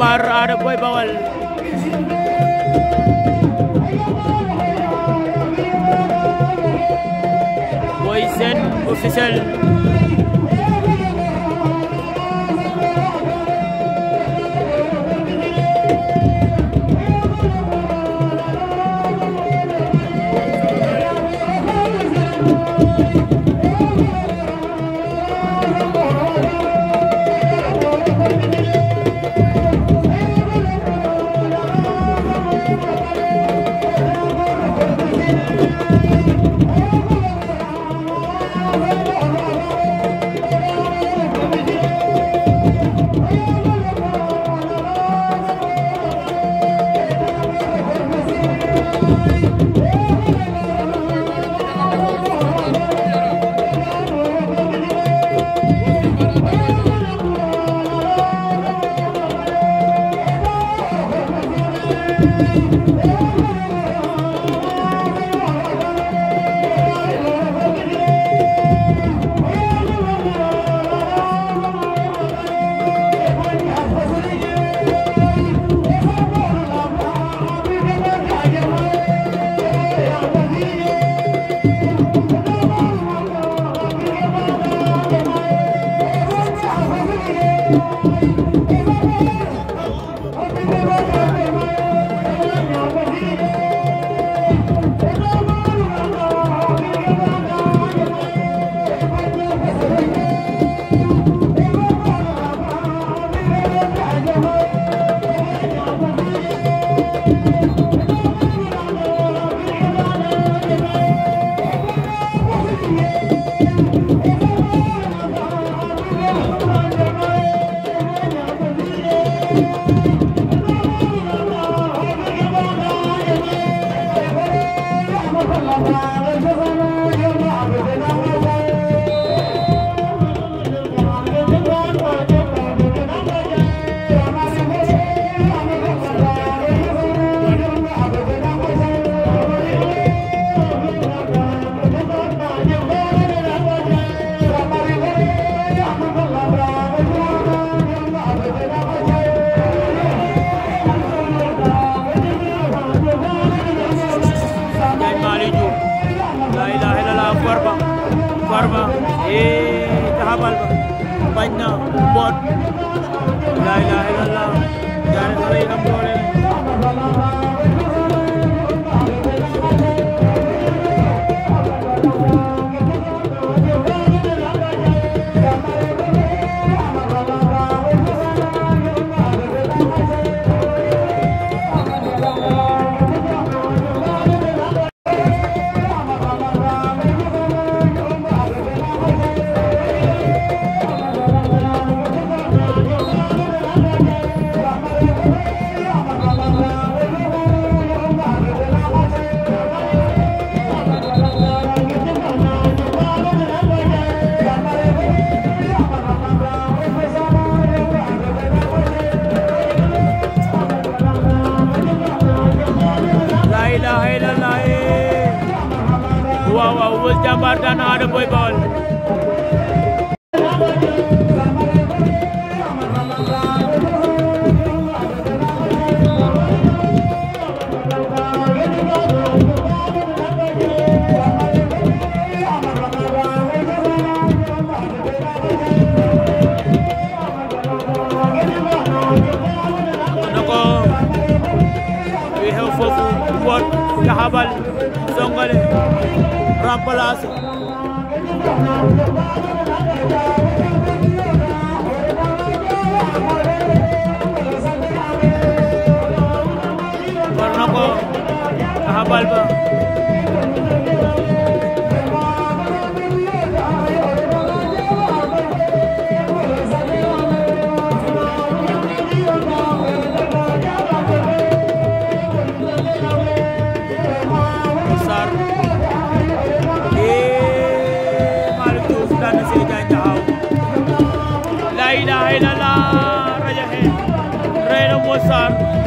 Omar Ada Boy Bawal Boy Sène officiel Thank you. Barma eh taxawal ba bañ na mboot la ilaha illallah jaare xale yi ilaha illallah waaw waaw Wëz Jàmbaar daan na Ada Boy Baol habal Songole remplace war na ko habal ba up?